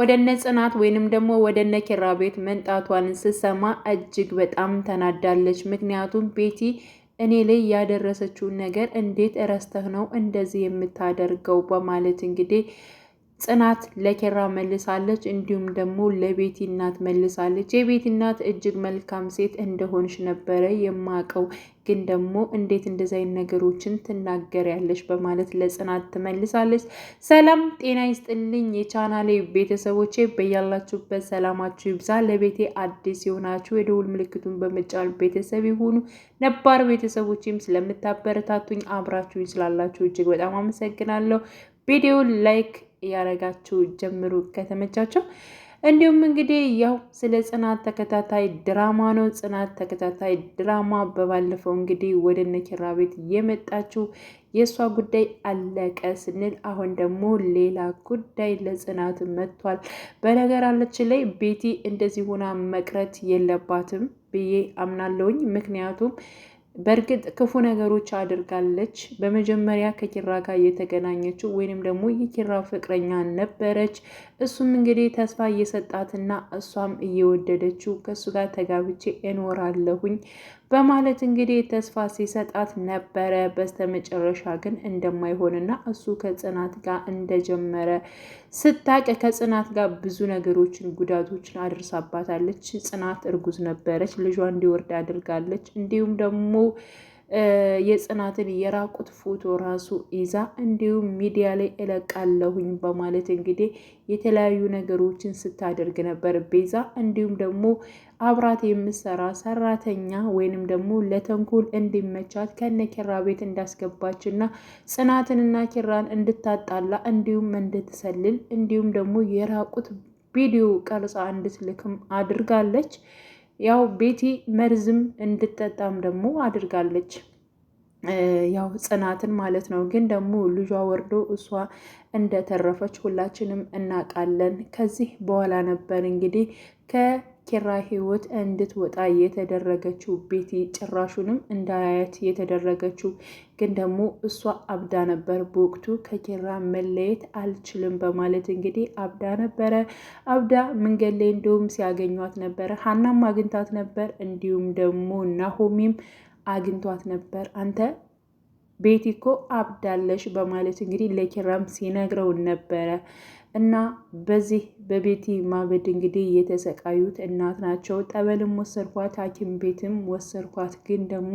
ወደ እነ ጽናት ወይንም ደግሞ ወደ እነ ኪራ ቤት መንጣቷን ስሰማ እጅግ በጣም ተናዳለች። ምክንያቱም ቤቲ እኔ ላይ ያደረሰችውን ነገር እንዴት እረስተህ ነው እንደዚህ የምታደርገው በማለት እንግዲህ ጽናት ለኬራ መልሳለች። እንዲሁም ደግሞ ለቤቲ እናት መልሳለች። የቤቲ እናት እጅግ መልካም ሴት እንደሆንሽ ነበረ የማቀው ግን ደግሞ እንዴት እንደዚህ አይነት ነገሮችን ትናገሪያለሽ? በማለት ለጽናት ትመልሳለች። ሰላም ጤና ይስጥልኝ የቻናሌ ቤተሰቦቼ፣ በያላችሁበት ሰላማችሁ ይብዛ። ለቤቴ አዲስ የሆናችሁ የደውል ምልክቱን በመጫን ቤተሰብ የሆኑ ነባር ቤተሰቦችም ስለምታበረታቱኝ አብራችሁኝ ስላላችሁ እጅግ በጣም አመሰግናለሁ። ቪዲዮ ላይክ እያረጋችሁ ጀምሩ ከተመቻቸው። እንዲሁም እንግዲህ ያው ስለ ጽናት ተከታታይ ድራማ ነው። ጽናት ተከታታይ ድራማ በባለፈው እንግዲህ ወደ ነኪራ ቤት የመጣችው የእሷ ጉዳይ አለቀ ስንል አሁን ደግሞ ሌላ ጉዳይ ለጽናት መጥቷል። በነገራችን ላይ ቤቲ እንደዚህ ሆና መቅረት የለባትም ብዬ አምናለሁኝ ምክንያቱም በእርግጥ ክፉ ነገሮች አድርጋለች። በመጀመሪያ ከኪራ ጋር የተገናኘችው ወይንም ደግሞ የኪራ ፍቅረኛ ነበረች። እሱም እንግዲህ ተስፋ እየሰጣትና እሷም እየወደደችው ከእሱ ጋር ተጋብቼ እኖራለሁኝ በማለት እንግዲህ ተስፋ ሲሰጣት ነበረ። በስተመጨረሻ ግን እንደማይሆንና እሱ ከጽናት ጋር እንደጀመረ ስታቅ ከጽናት ጋር ብዙ ነገሮችን ጉዳቶችን አድርሳባታለች። ጽናት እርጉዝ ነበረች፣ ልጇ እንዲወርድ አድርጋለች። እንዲሁም ደግሞ የጽናትን የራቁት ፎቶ ራሱ ይዛ እንዲሁም ሚዲያ ላይ እለቃለሁኝ በማለት እንግዲህ የተለያዩ ነገሮችን ስታደርግ ነበር ቤዛ። እንዲሁም ደግሞ አብራት የምሰራ ሰራተኛ ወይንም ደግሞ ለተንኮል እንዲመቻት ከነ ኪራ ቤት እንዳስገባች እና ጽናትንና ኪራን እንድታጣላ እንዲሁም እንድትሰልል እንዲሁም ደግሞ የራቁት ቪዲዮ ቀርጻ እንድትልክም አድርጋለች። ያው ቤቲ መርዝም እንድጠጣም ደግሞ አድርጋለች። ያው ጽናትን ማለት ነው። ግን ደግሞ ልጇ ወርዶ እሷ እንደተረፈች ሁላችንም እናውቃለን። ከዚህ በኋላ ነበር እንግዲህ ከ ኪራ ህይወት እንድትወጣ የተደረገችው ቤቲ ጭራሹንም እንዳያየት የተደረገችው ግን ደግሞ እሷ አብዳ ነበር። በወቅቱ ከኪራ መለየት አልችልም በማለት እንግዲህ አብዳ ነበረ። አብዳ መንገድ ላይ እንደውም ሲያገኟት ነበረ። ሀናም አግኝታት ነበር። እንዲሁም ደግሞ ናሆሚም አግኝቷት ነበር። አንተ ቤቲ እኮ አብዳለሽ በማለት እንግዲህ ለኪራም ሲነግረው ነበረ። እና በዚህ በቤቲ ማበድ እንግዲህ የተሰቃዩት እናት ናቸው። ጠበልም ወሰድኳት፣ ሐኪም ቤትም ወሰድኳት። ግን ደግሞ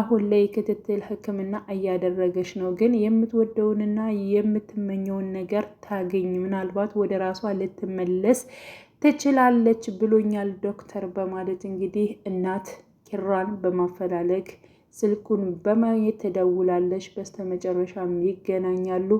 አሁን ላይ ክትትል ሕክምና እያደረገች ነው። ግን የምትወደውንና የምትመኘውን ነገር ታገኝ፣ ምናልባት ወደ ራሷ ልትመለስ ትችላለች ብሎኛል ዶክተር በማለት እንግዲህ እናት ኪራን በማፈላለግ ስልኩን በማግኘት ትደውላለች። በስተመጨረሻም ይገናኛሉ።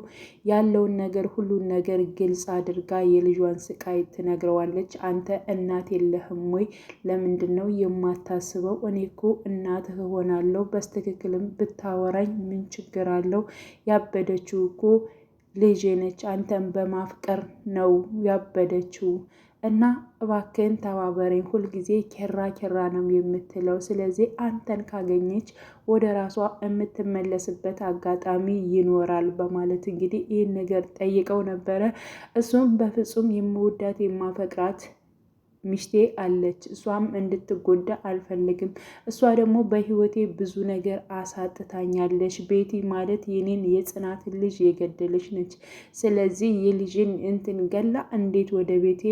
ያለውን ነገር ሁሉን ነገር ግልጽ አድርጋ የልጇን ስቃይ ትነግረዋለች። አንተ እናት የለህም ወይ? ለምንድን ነው የማታስበው? እኔ እኮ እናትህ እሆናለሁ። በስትክክልም ብታወራኝ ምን ችግር አለው? ያበደችው እኮ ልጄ ነች። አንተን በማፍቀር ነው ያበደችው። እና እባክህን ተባበረኝ፣ ሁልጊዜ ኬራ ኬራ ነው የምትለው። ስለዚህ አንተን ካገኘች ወደ ራሷ የምትመለስበት አጋጣሚ ይኖራል በማለት እንግዲህ ይህን ነገር ጠይቀው ነበረ። እሱም በፍጹም የምወዳት የማፈቅራት ሚስቴ አለች። እሷም እንድትጎዳ አልፈልግም። እሷ ደግሞ በህይወቴ ብዙ ነገር አሳጥታኛለች። ቤቲ ማለት የኔን የጽናትን ልጅ የገደለች ነች። ስለዚህ የልጅን እንትን ገላ እንዴት ወደ ቤቴ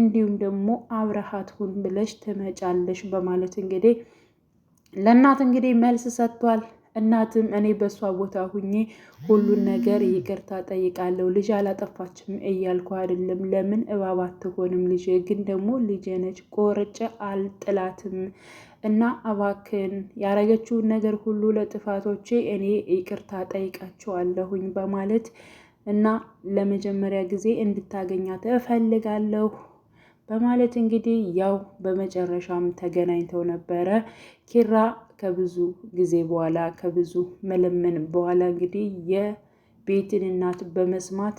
እንዲሁም ደግሞ አብረሃት ሁን ብለሽ ትመጫለሽ? በማለት እንግዲህ ለእናት እንግዲህ መልስ ሰጥቷል። እናትም እኔ በእሷ ቦታ ሁኜ ሁሉን ነገር ይቅርታ ጠይቃለሁ። ልጅ አላጠፋችም እያልኩ አይደለም። ለምን እባብ አትሆንም? ልጄ ግን ደግሞ ልጅ ነች፣ ቆርጬ አልጥላትም እና እባክን ያረገችውን ነገር ሁሉ ለጥፋቶቼ እኔ ይቅርታ ጠይቃቸዋለሁኝ በማለት እና ለመጀመሪያ ጊዜ እንድታገኛት እፈልጋለሁ በማለት እንግዲህ ያው በመጨረሻም ተገናኝተው ነበረ ኪራ ከብዙ ጊዜ በኋላ ከብዙ መለመን በኋላ እንግዲህ የቤቲን እናት በመስማት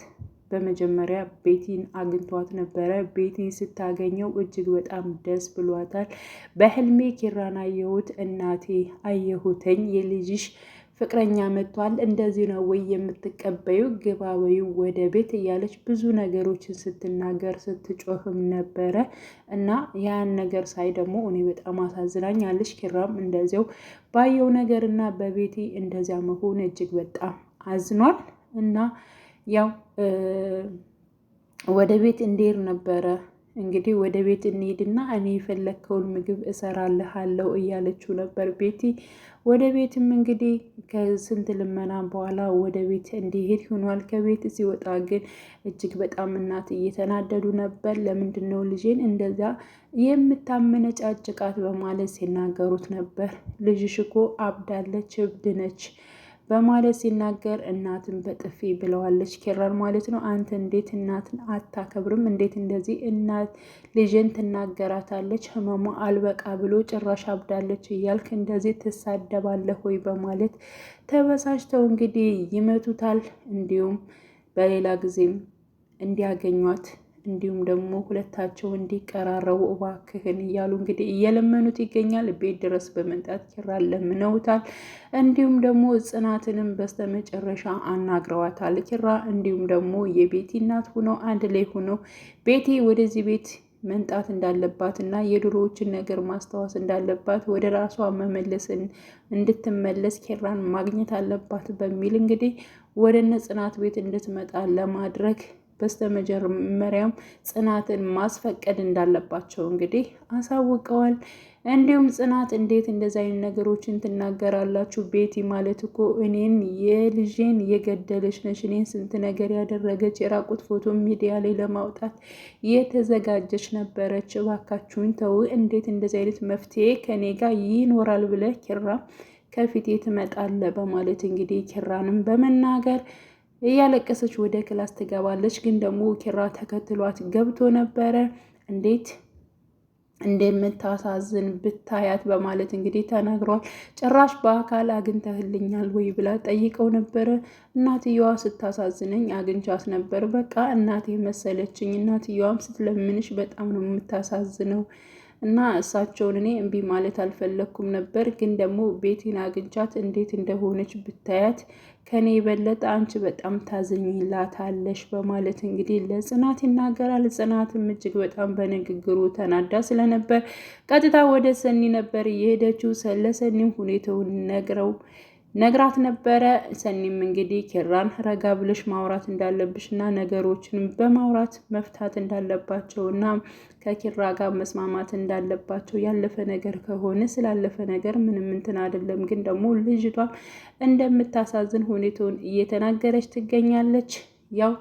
በመጀመሪያ ቤቲን አግኝቷት ነበረ። ቤቲን ስታገኘው እጅግ በጣም ደስ ብሏታል። በህልሜ ኪራን አየሁት፣ እናቴ አየሁተኝ የልጅሽ ፍቅረኛ መጥቷል፣ እንደዚህ ነው ወይ የምትቀበዩ? ግባበዩ ወደ ቤት እያለች ብዙ ነገሮችን ስትናገር ስትጮህም ነበረ እና ያን ነገር ሳይ ደግሞ እኔ በጣም አሳዝናኝ አለች። ኪራም እንደዚያው ባየው ነገር እና በቤቲ እንደዚያ መሆን እጅግ በጣም አዝኗል እና ያው ወደ ቤት እንዴር ነበረ እንግዲህ ወደ ቤት እንሂድና እኔ የፈለግከውን ምግብ እሰራልሃለሁ እያለችው ነበር ቤቲ። ወደ ቤትም እንግዲህ ከስንት ልመና በኋላ ወደ ቤት እንዲሄድ ሆኗል። ከቤት ሲወጣ ግን እጅግ በጣም እናት እየተናደዱ ነበር። ለምንድን ነው ልጄን እንደዛ የምታመነጫጭቃት? በማለት ሲናገሩት ነበር። ልጅሽ እኮ አብዳለች፣ እብድ ነች በማለት ሲናገር እናትን በጥፊ ብለዋለች ኪራን ማለት ነው። አንተ እንዴት እናትን አታከብርም? እንዴት እንደዚህ እናት ልጅን ትናገራታለች? ህመሟ አልበቃ ብሎ ጭራሽ አብዳለች እያልክ እንደዚህ ትሳደባለህ ወይ? በማለት ተበሳጭተው እንግዲህ ይመቱታል። እንዲሁም በሌላ ጊዜም እንዲያገኟት እንዲሁም ደግሞ ሁለታቸው እንዲቀራረቡ እባክህን እያሉ እንግዲህ እየለመኑት ይገኛል። ቤት ድረስ በመምጣት ኪራ ለምነውታል። እንዲሁም ደግሞ ጽናትንም በስተመጨረሻ አናግረዋታል። ኪራ እንዲሁም ደግሞ የቤቲ እናት ሁኖ አንድ ላይ ሆነው ቤቲ ወደዚህ ቤት መንጣት እንዳለባት እና የድሮዎችን ነገር ማስታወስ እንዳለባት ወደ ራሷ መመለስ እንድትመለስ ኪራን ማግኘት አለባት በሚል እንግዲህ ወደ እነ ጽናት ቤት እንድትመጣ ለማድረግ በስተመጀመሪያም ጽናትን ማስፈቀድ እንዳለባቸው እንግዲህ አሳውቀዋል። እንዲሁም ጽናት እንዴት እንደዚህ አይነት ነገሮችን ትናገራላችሁ? ቤቲ ማለት እኮ እኔን የልጄን የገደለች ነች፣ እኔን ስንት ነገር ያደረገች፣ የራቁት ፎቶ ሚዲያ ላይ ለማውጣት የተዘጋጀች ነበረች። እባካችሁን ተው፣ እንዴት እንደዚህ አይነት መፍትሄ ከኔ ጋር ይኖራል ብለህ ኪራ ከፊቴ ትመጣለህ? በማለት እንግዲህ ኪራንም በመናገር እያለቀሰች ወደ ክላስ ትገባለች። ግን ደግሞ ኪራ ተከትሏት ገብቶ ነበረ። እንዴት እንደምታሳዝን ብታያት በማለት እንግዲህ ተናግሯል። ጭራሽ በአካል አግኝተህልኛል ወይ ብላ ጠይቀው ነበረ። እናትየዋ ስታሳዝነኝ አግኝቻት ነበር። በቃ እናቴ መሰለችኝ። እናትየዋም ስትለምንሽ በጣም ነው የምታሳዝነው እና እሳቸውን እኔ እምቢ ማለት አልፈለግኩም ነበር፣ ግን ደግሞ ቤቲን አግኝቻት እንዴት እንደሆነች ብታያት ከኔ የበለጠ አንቺ በጣም ታዝኝላታለሽ በማለት እንግዲህ ለጽናት ይናገራል። ጽናትም እጅግ በጣም በንግግሩ ተናዳ ስለነበር ቀጥታ ወደ ሰኒ ነበር የሄደችው። ለሰኒም ሁኔታውን ነግረው ነግራት ነበረ። ሰኒም እንግዲህ ኪራን ረጋ ብለሽ ማውራት እንዳለብሽ እና ነገሮችን በማውራት መፍታት እንዳለባቸው እና ከኪራ ጋር መስማማት እንዳለባቸው ያለፈ ነገር ከሆነ ስላለፈ ነገር ምንም እንትን አይደለም፣ ግን ደግሞ ልጅቷ እንደምታሳዝን ሁኔታውን እየተናገረች ትገኛለች። ያው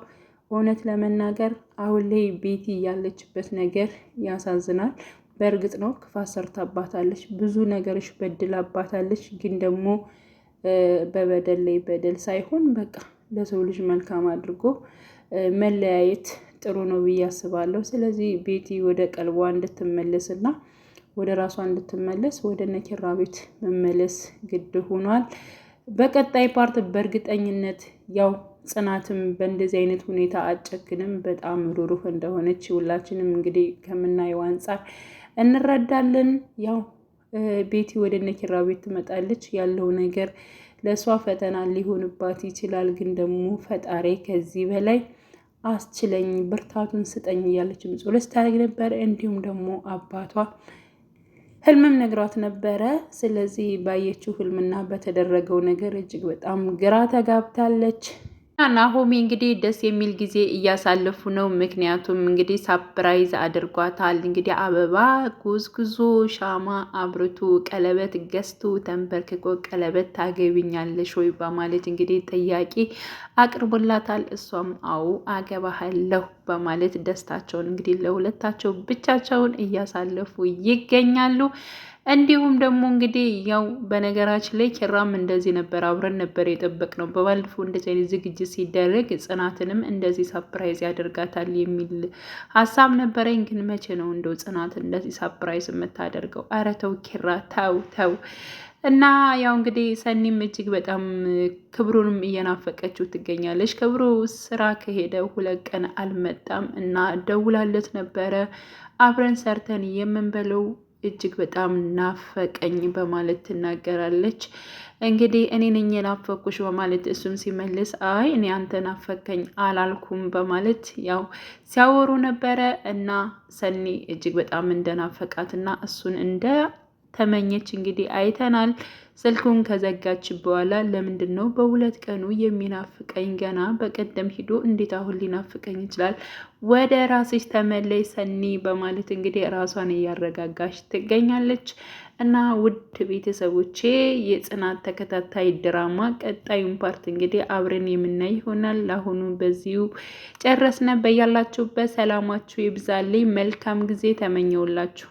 እውነት ለመናገር አሁን ላይ ቤቲ ያለችበት ነገር ያሳዝናል። በእርግጥ ነው ክፋት ሰርታባታለች፣ ብዙ ነገሮች በድላባታለች፣ ግን ደግሞ በበደል ላይ በደል ሳይሆን በቃ ለሰው ልጅ መልካም አድርጎ መለያየት ጥሩ ነው ብዬ አስባለሁ። ስለዚህ ቤቲ ወደ ቀልቧ እንድትመለስና ወደ ራሷ እንድትመለስ ወደ ነኪራ ቤት መመለስ ግድ ሆኗል። በቀጣይ ፓርት በእርግጠኝነት ያው ጽናትም በእንደዚህ አይነት ሁኔታ አጨክንም በጣም ሩሩህ እንደሆነች ሁላችንም እንግዲህ ከምናየው አንጻር እንረዳለን ያው ቤቲ ወደ ነኪራ ቤት ትመጣለች። ያለው ነገር ለእሷ ፈተና ሊሆንባት ይችላል፣ ግን ደግሞ ፈጣሪ ከዚህ በላይ አስችለኝ፣ ብርታቱን ስጠኝ እያለች ምጽሎ ስታደርግ ነበር። እንዲሁም ደግሞ አባቷ ህልምም ነግሯት ነበረ። ስለዚህ ባየችው ህልምና በተደረገው ነገር እጅግ በጣም ግራ ተጋብታለች። ናሆሚ እንግዲህ ደስ የሚል ጊዜ እያሳለፉ ነው። ምክንያቱም እንግዲህ ሳፕራይዝ አድርጓታል። እንግዲህ አበባ ጉዝጉዞ፣ ሻማ አብርቱ፣ ቀለበት ገዝቶ ተንበርክቆ ቀለበት ታገቢኛለሽ ወይ በማለት እንግዲህ ጥያቄ አቅርቦላታል። እሷም አዎ አገባሃለሁ በማለት ደስታቸውን እንግዲህ ለሁለታቸው ብቻቸውን እያሳለፉ ይገኛሉ። እንዲሁም ደግሞ እንግዲህ ያው በነገራችን ላይ ኪራም እንደዚህ ነበር፣ አብረን ነበር የጠበቅ ነው። በባለፈው እንደዚህ አይነት ዝግጅት ሲደረግ ጽናትንም እንደዚህ ሳፕራይዝ ያደርጋታል የሚል ሀሳብ ነበረኝ። ግን መቼ ነው እንደው ጽናት እንደዚህ ሳፕራይዝ የምታደርገው? ኧረ ተው ኪራ ተው ተው። እና ያው እንግዲህ ሰኒም እጅግ በጣም ክብሩንም እየናፈቀችው ትገኛለች። ክብሩ ስራ ከሄደ ሁለት ቀን አልመጣም እና ደውላለት ነበረ አብረን ሰርተን የምንበለው እጅግ በጣም ናፈቀኝ በማለት ትናገራለች። እንግዲህ እኔ ነኝ የናፈኩሽ በማለት እሱም ሲመልስ አይ እኔ አንተ ናፈቀኝ አላልኩም በማለት ያው ሲያወሩ ነበረ እና ሰኒ እጅግ በጣም እንደናፈቃትና እሱን እንደ ተመኘች። እንግዲህ አይተናል። ስልኩን ከዘጋች በኋላ ለምንድን ነው በሁለት ቀኑ የሚናፍቀኝ? ገና በቀደም ሂዶ እንዴት አሁን ሊናፍቀኝ ይችላል? ወደ ራስሽ ተመለይ ሰኒ በማለት እንግዲህ ራሷን እያረጋጋች ትገኛለች። እና ውድ ቤተሰቦቼ የጽናት ተከታታይ ድራማ ቀጣዩን ፓርት እንግዲህ አብረን የምናይ ይሆናል። ለአሁኑ በዚሁ ጨረስነ። በያላችሁበት ሰላማችሁ ይብዛልኝ። መልካም ጊዜ ተመኘውላችሁ።